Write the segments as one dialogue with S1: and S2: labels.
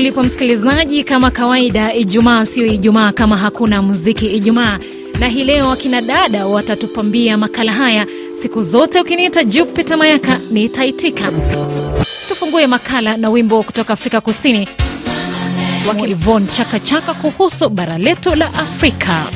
S1: ulipo msikilizaji, kama kawaida, Ijumaa sio Ijumaa kama hakuna muziki Ijumaa. Na hii leo akina dada watatupambia makala haya. Siku zote ukiniita jupita Mayaka nitaitika. Tufungue makala na wimbo kutoka Afrika Kusini wake Chakachaka kuhusu bara letu la Afrika.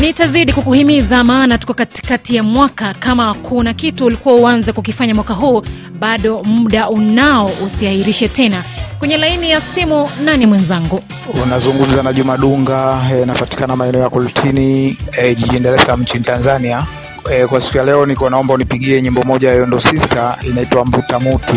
S1: Nitazidi kukuhimiza maana tuko katikati ya mwaka. Kama kuna kitu ulikuwa uanze kukifanya mwaka huu, bado muda unao, usiahirishe tena. Kwenye laini ya simu nani mwenzangu? Unazungumza na Juma Dunga, inapatikana eh, maeneo ya Kultini e, eh, jijini Dar es Salaam nchini Tanzania. E, kwa siku ya leo niko naomba unipigie nyimbo moja ya Yondo Sister inaitwa Mbuta Mutu.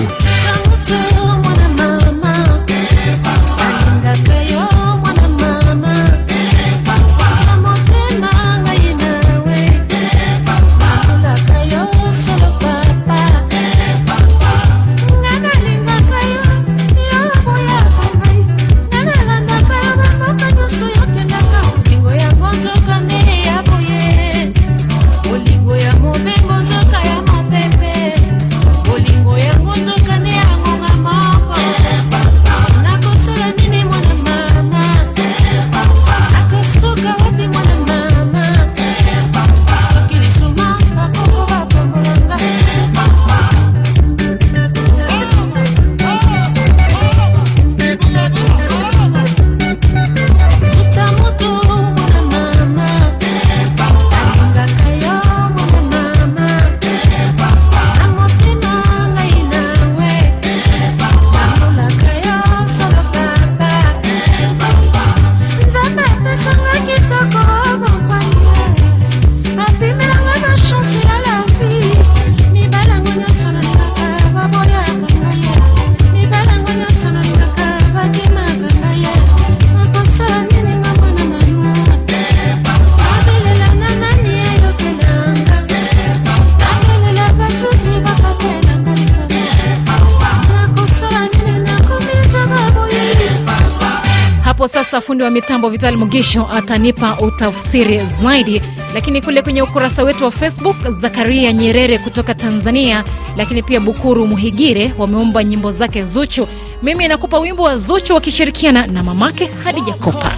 S1: hapo sasa fundi wa mitambo vital mugisho atanipa utafsiri zaidi lakini kule kwenye ukurasa wetu wa facebook zakaria nyerere kutoka tanzania lakini pia bukuru muhigire wameumba nyimbo zake zuchu mimi nakupa wimbo wa zuchu wakishirikiana na mamake hadi jakopa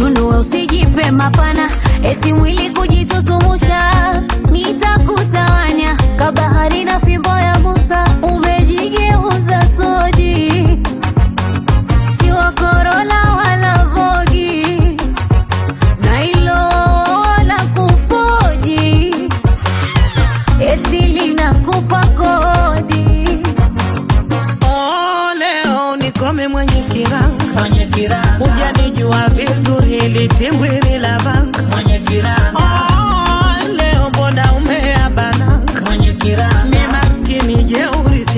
S1: nunua usijipe mapana
S2: eti mwili kujitutumusha nitakutawanya kabahari na fimbo ya musa umejigeuza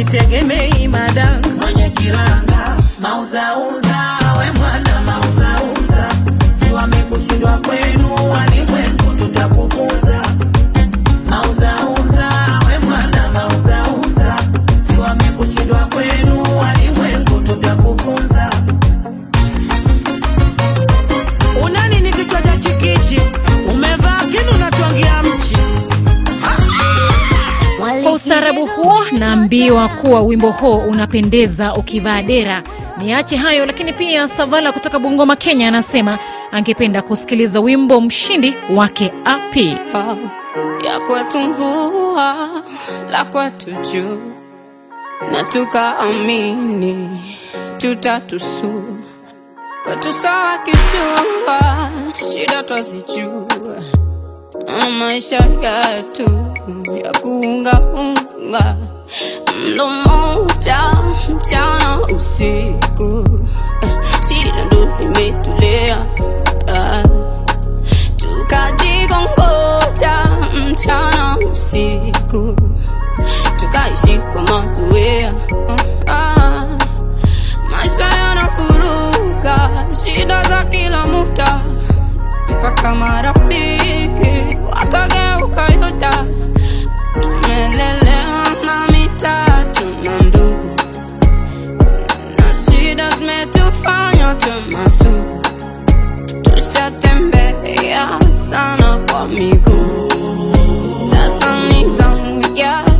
S3: sitegemei madanga mwenye kiranga
S2: mauzauza
S3: we mwana mauzauza si wamekushindwa kwenu
S1: tunaambiwa kuwa wimbo huu unapendeza ukivaa dera. Niache hayo, lakini pia Savala kutoka Bungoma, Kenya, anasema angependa kusikiliza wimbo mshindi wake api
S4: ya kwetu mvua la kwetu juu, na tukaamini tutatusu kwetu sawa kisua, shida twazijua maisha yetu ya kuungaunga Ndo moja mchana usiku shida ndo zimetulea ah. tukajikongoja mchana usiku tukaishi kwa mazoea maisha yanafuruka ah. shida za kila muda mpaka marafiki wakageuka yoda tumelelewa das med tuffarna tummar sol Tu september, ja, stanna conmigo Sassan liksom, yeah.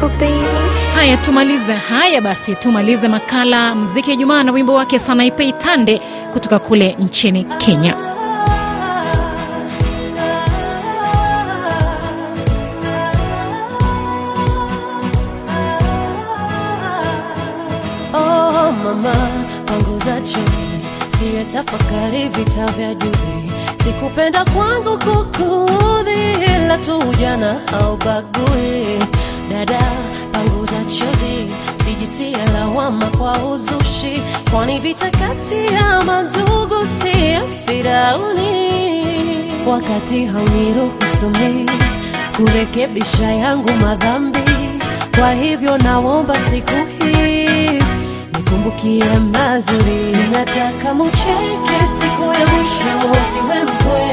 S1: yako baby. Haya, tumalize haya basi, tumalize makala mziki Ijumaa na wimbo wake Sanaipei Tande kutoka kule nchini Kenya.
S3: Oh, tafakari vita vya juzi, sikupenda kwangu kukudhi, ila tu ujana au bagui dada, panguza chozi, sijitie lawama kwa uzushi, kwani vita kati ya madugu si ya Firauni. Wakati hauniruhusumi kurekebisha yangu madhambi, kwa hivyo naomba siku hii nikumbukie mazuri. Nataka mucheke siku ya mwisho, usiwe mkwe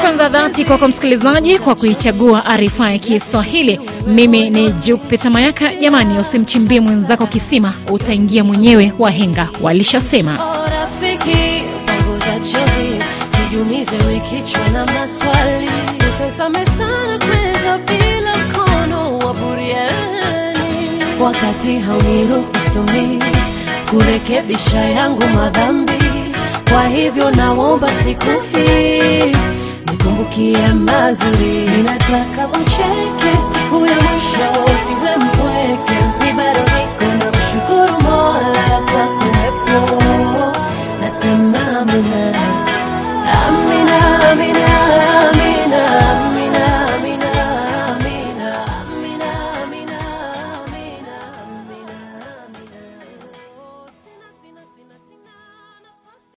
S1: Shukran za dhati kwako msikilizaji kwa kuichagua arifa ya Kiswahili. Mimi ni Jupita Mayaka. Jamani, usimchimbie mwenzako kisima, utaingia mwenyewe, wahenga walishasema.
S3: Oh, wa wakati hauniruhusu kurekebisha yangu madhambi, kwa hivyo naomba siku hii nikumbukie mazuri, ninataka uche